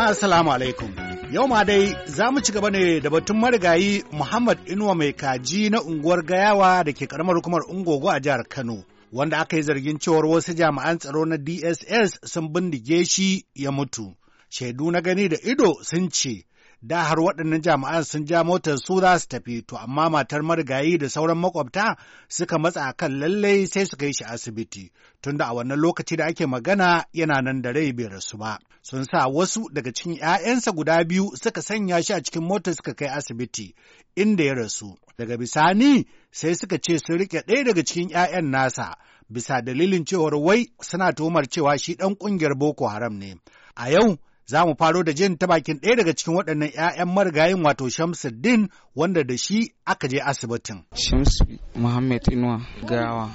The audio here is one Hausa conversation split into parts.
Jama'a assalamu alaikum. Yau ma dai za mu ci gaba ne da batun marigayi Muhammad Inuwa mai kaji na unguwar Gayawa da ke karamar hukumar Ungogo a jihar Kano. Wanda aka yi zargin cewar wasu jami'an tsaro na DSS sun bindige shi ya mutu. Shaidu na gani da ido sun ce da har waɗannan jami'an sun ja motar su za su tafi to amma matar marigayi da sauran makwabta suka matsa kan lallai sai suka yi shi asibiti tunda a wannan lokaci da ake magana yana nan da rai bai rasu ba sun sa wasu daga cikin 'ya'yansa guda biyu suka sanya shi a cikin motar suka kai asibiti inda ya rasu daga bisani sai suka ce sun rike ɗaya daga cikin 'ya'yan nasa bisa dalilin cewar wai suna tuhumar cewa shi ɗan ƙungiyar boko haram ne a yau Za mu faro da jin ta bakin ɗaya daga cikin waɗannan 'ya'yan marigayin wato Shamsuddin wanda da shi aka je asibitin. Shamsu Muhammad Inuwa Gawa.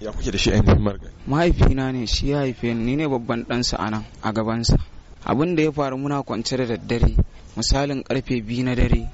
Ya kuke da shi ainihin marigayi? Mahaifina ne shi ya haife ni ne babban ɗansa a nan a gabansa. Abin da ya faru muna kwance da daddare misalin karfe biyu na dare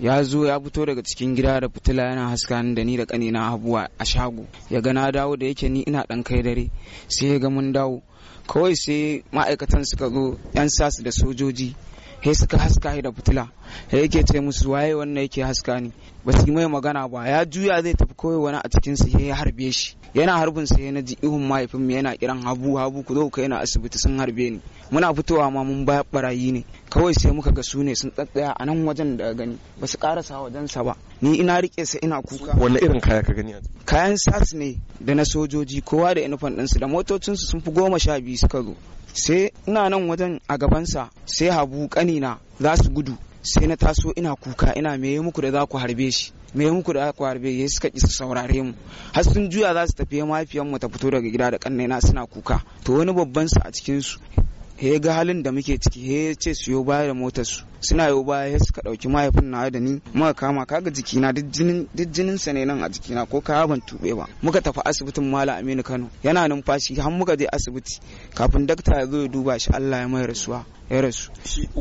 ya zo ya fito daga cikin gida da fitila yana haska ni da ni da kanina abuwa a shago ya ga na dawo da yake ni ina dan kai dare sai ya ga mun dawo kawai sai ma'aikatan suka zo yan sasu da sojoji sai suka haska da fitila da yake ce musu waye wannan yake haska ni ba su yi mai magana ba ya juya zai tafi kawai wani a cikin su ya harbe shi yana harbin sai na ji ihun mahaifinmu yana kiran habu habu ku zo kai na asibiti sun harbe ni muna fitowa ma mun ba barayi ne kawai sai muka ga sune sun tsattsaya a nan wajen da gani ba su karasa wajensa ba ni ina rike sa ina kuka wanne irin kaya ka gani kayan sas ne da na sojoji kowa da inufan ɗinsu da motocinsu sun fi goma sha biyu suka zo sai ina nan wajen a gabansa sai habu kanina za su gudu sai na taso ina kuka ina me muku da za ku harbe shi me muku da za ku harbe ya suka ki su saurare mu har sun juya za su tafi mahaifiyar mu ta fito daga gida da ƙannena suna kuka to wani babban su a cikin su he ga halin da muke ciki he ce su yo baya da motar su suna yau baya suka ɗauki mahaifin na da ni muka kama kaga jikina duk jinin sa ne nan a jikina ko ka ban tube ba muka tafi asibitin mala Aminu Kano yana numfashi har muka je asibiti kafin dakta ya zo ya duba shi Allah ya mai rasuwa ya rasu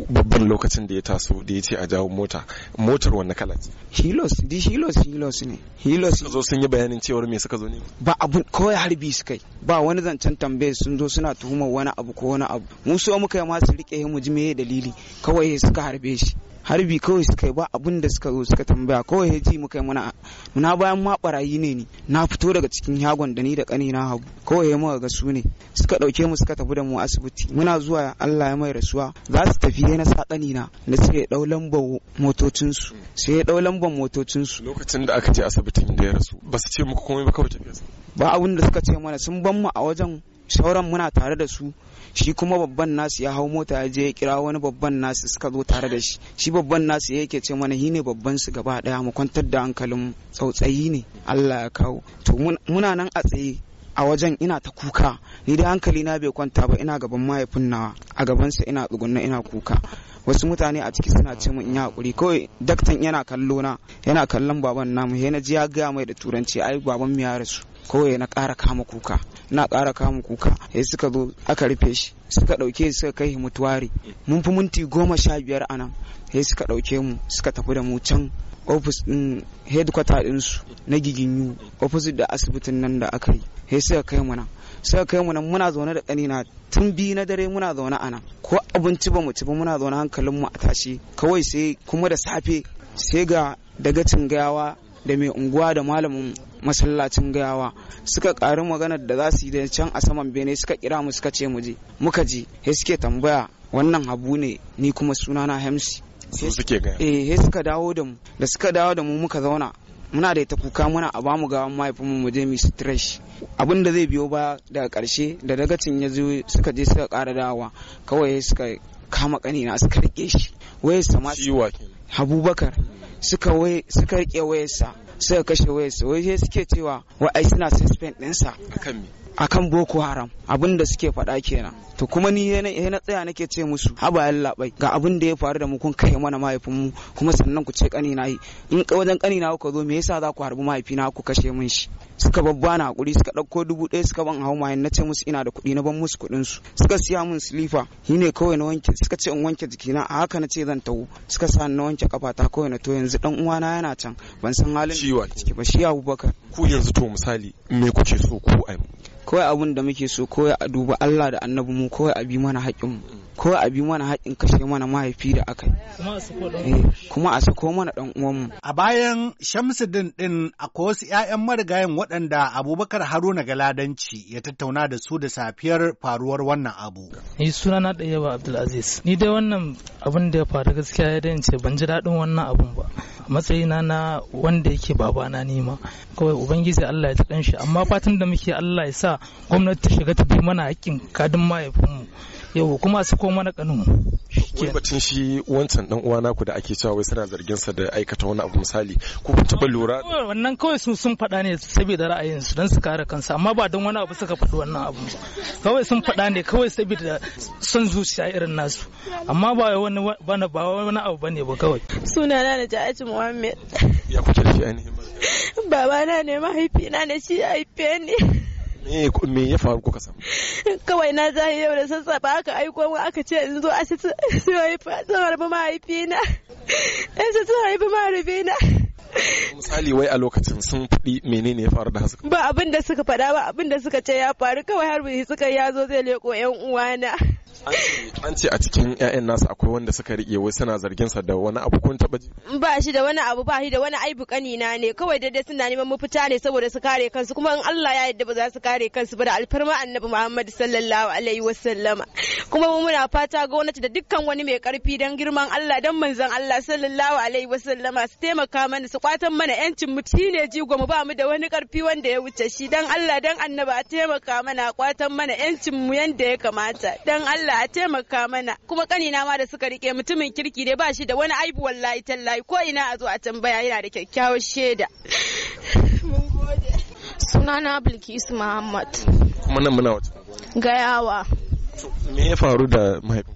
babban lokacin da ya taso da ya ce a jawo mota motar wanne kala ce hilos di hilos hilos ne hilos zo sun yi bayanin cewar me suka zo ne ba abu kawai harbi su kai. ba wani zancen tambaye sun zo suna tuhumar wani abu ko wani abu mu so muka yi ma su rike mu ji me dalili kawai suka harbe shi harbi kawai suka yi ba abin da suka zo suka tambaya kawai heji muka yi muna muna bayan ma barayi ne ni na fito daga cikin yagon da ni da kani na hagu kawai ya muka ga su ne suka dauke mu suka tafi da mu asibiti muna zuwa Allah ya mai rasuwa za su tafi na sa kani na da suke dau lambar motocin su sai ya dau lambar motocin su lokacin da aka je asibitin da ya rasu ba su ce muku komai ba kawai tafiya ba abin da suka ce mana sun ban mu a wajen sauran muna tare da su shi kuma babban nasu ya hau mota ya je ya kira wani babban nasu suka zo tare da shi shi babban nasu yake ce mana hi ne babban su gaba daya mu kwantar da hankalin tsautsayi ne Allah ya kawo to muna nan a tsaye a wajen ina ta kuka ni da hankali na bai kwanta ba ina gaban mahaifin nawa a gaban sa ina tsugunna ina kuka wasu mutane a ciki suna ce in yi hakuri kawai daktan yana kallo na yana kallon baban namu yana ji ya gaya mai da turanci ai baban mu ya rasu kawai na ƙara kama kuka na ƙara kama kuka ya suka zo aka rufe shi suka ɗauke suka kai mutuwari mun fi minti goma sha biyar a nan ya suka ɗauke mu suka tafi da mu can ofis ɗin headquarter ɗinsu na giginyu ofis da asibitin nan da aka yi ya suka kai mu nan suka kai mu muna zaune da ƙanina tun biyu na dare muna zaune a nan ko abinci ba mu ci ba muna zaune hankalinmu a tashi kawai sai kuma da safe sai ga daga gawa da mai unguwa da malamin masallacin gayawa suka ƙari maganar da za su yi da can a saman bene suka kira mu suka ce mu je muka je he suke tambaya wannan habu ne ni kuma na hamsi su eh he suka dawo da mu da suka dawo da mu muka zauna muna da ita kuka muna a bamu ga mahaifinmu mu je mu stress abin da zai biyo ba daga karshe da dagacin ya zo suka je suka ƙara dawa kawai suka kama na suka rike shi wai sama Habubakar suka wai suka rike wayarsa suka kashe wayarsa wai sai suke cewa wa ai suna suspend ɗinsa akan me akan boko haram abin da suke faɗa kenan to kuma ni he na tsaya nake ce musu haba labai ga abin da ya faru da mu kun kai mana mahaifin mu kuma sannan ku ce kani na yi in wajen kani na ku zo me yasa za ku harbi na ku kashe min shi suka babbana hakuri suka dauko dubu ɗaya suka ban hau mayan na ce musu ina da kuɗi na ban musu kuɗin su suka siya min silifa shi ne kawai na wanke suka ce in wanke jikina a haka na ce zan tawo suka sa na wanke kafata kawai na to yanzu dan uwana yana can ban san halin ciki ba shi abubakar ku yanzu to misali me kuke so ku ai kawai abin da muke so kawai a duba Allah da annabi mu kawai a bi mana haƙƙin mu kawai a bi mana haƙƙin kashe mana mahaifi da aka yi, kuma a sako eh, mana dan uwan mu a bayan Shamsuddin din akwai wasu ƴaƴan marigayen waɗanda Abubakar Haruna Galadanci ya tattauna da su da safiyar faruwar wannan abu ni sunana da yawa Abdulaziz ni dai wannan abin da ya faru gaskiya ya dace ban ji daɗin wannan abun ba matsayina na wanda yake babana nima kawai ubangiji Allah ya ta shi amma fatan da muke Allah ya sa gwamnati ta shiga ta bi mana hakkin kadin mahaifinmu yau kuma su koma na kanu. wai batun shi wancan dan uwa naku da ake cewa wai suna zargin sa da aikata wani abu misali ko kun taba lura wannan kawai sun sun faɗa ne saboda ra'ayin su dan su kare kansu amma ba don wani abu suka faɗi wannan abu kawai sun faɗa ne kawai saboda son zuciya irin nasu amma ba wani bana ba wani abu bane ba kawai suna na da Ja'atu Muhammad ya kuke shi ainihin na ne mahaifina ne shi haife ne me ya faru kuka samu kawai na zahi yau da sassafa aka aiko mu aka ce in zo asibiti su haifi su harbi mahaifina in su haifi na misali wai a lokacin sun faɗi menene ya faru da haka ba abin da suka faɗa ba abin da suka ce ya faru kawai harbi suka ya zo zai leko yan uwana an ce a cikin 'ya'yan nasu akwai wanda suka riƙe wai suna zargin sa da wani abu kun taba ba shi da wani abu ba shi da wani aibu na ne kawai daidai suna neman mafita ne saboda su kare kansu kuma in Allah ya yarda ba za su kare kansu ba da alfarma annabi Muhammad sallallahu alaihi wasallama kuma mu muna fata gwamnati da dukkan wani mai karfi dan girman Allah dan manzon Allah sallallahu alaihi wasallama su taimaka mana su kwatan mana yancin mu shine jigo mu ba mu da wani karfi wanda ya wuce shi dan Allah dan annabi a taimaka mana kwatan mana yancin mu yanda ya kamata dan Allah Allah a taimaka mana kuma kanina ma da suka rike mutumin kirki ne ba shi da wani aibu wallahi tallahi ko ina a zo a tambaya yana da kyakkyawar shaida mun gode sunana Bilkisu Muhammad kuma nan muna wata gayawa me ya faru da mahaifin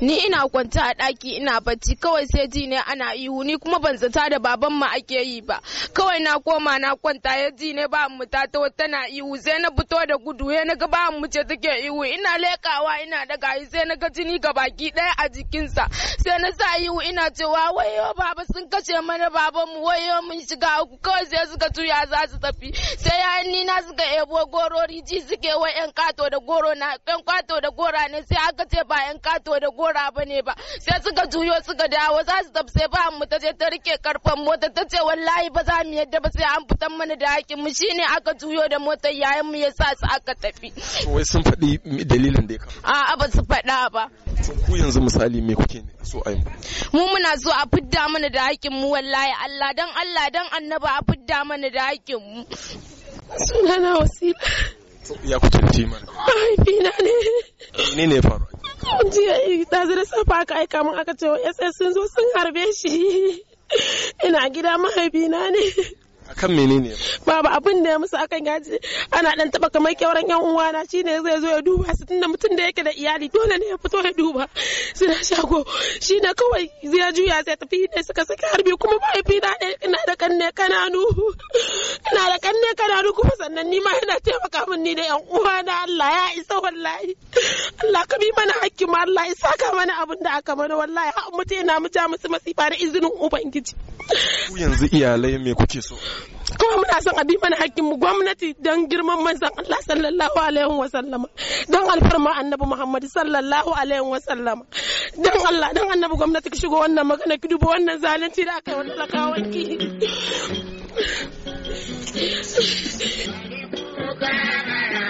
ni ina kwanta a daki ina bacci kawai sai ji ne ana ihu ni kuma ban zata da baban ma ake yi ba kawai na koma na kwanta ya ji ne ba mu ta ta tana ihu sai na fito da gudu ya na ga ba mu ce take ihu ina lekawa ina daga yi sai na ga jini ga baki daya a jikinsa sai na sa ihu ina cewa wayo baba sun kace mana baban mu wayo mun shiga uku kawai sai suka tuya za su tafi sai ya ni na suka ebo gorori ji suke wa yan kato da goro na yan kato da gora ne sai aka ce ba yan kato da goro jagora ba ne ba sai suka juyo suka dawo za su tafi sai ba mu ta je ta rike karfan mota ta ce wallahi ba za mu yadda ba sai an fitan mana da hakin mu shine aka juyo da motar yayin mu yasa su aka tafi wai sun faɗi dalilin da ya kama a'a ba su faɗa ba ku yanzu misali me kuke so ai yi mu muna so a fidda mana da hakin mu wallahi Allah dan Allah dan annaba a fidda mana da hakin mu sunana wasila ya kuce ce mana mahaifina ne ne ne faru jiya ɗazu da safa aka aika min aka ce ss sun zo sun harbe shi ina gida mahaifina ne akan menene ba abin da ya musu akan yaji ana dan taba kamar kyauran yan uwana shine zai zo ya duba su tunda mutum da yake da iyali dole ne ya fito ya duba na shago shine kawai zai juya zai tafi ne suka saki harbi kuma ba fi na ina da kanne kananu ina da kanne kananu kuma sannan ni ma yana taimaka min ni da yan uwana Allah ya isa wallahi Allah ka bi mana hakki ma Allah isa ka mana abin da aka mana wallahi har mutum na mu ja musu masifa da izinin ubangiji yanzu iyalai me kuke so kuma muna son a bi mana hakkin mu gwamnati don girman manzon Allah sallallahu alaihi wa sallama don alfarma annabi Muhammad sallallahu alaihi wa sallama don Allah don annabi gwamnati ki shigo wannan magana ki dubo wannan zalunci da aka yi wa talakawan ki Thank you.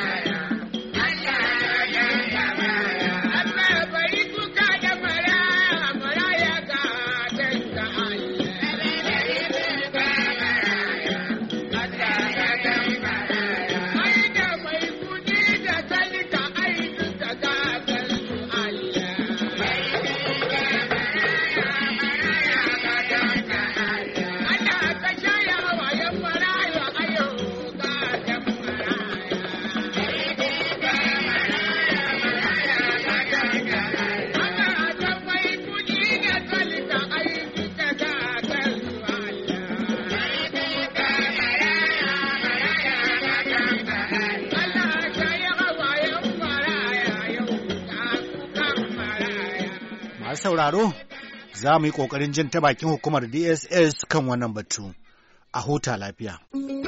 sauraro za mu yi ƙoƙarin jin ta bakin hukumar DSS kan wannan batu. A huta lafiya.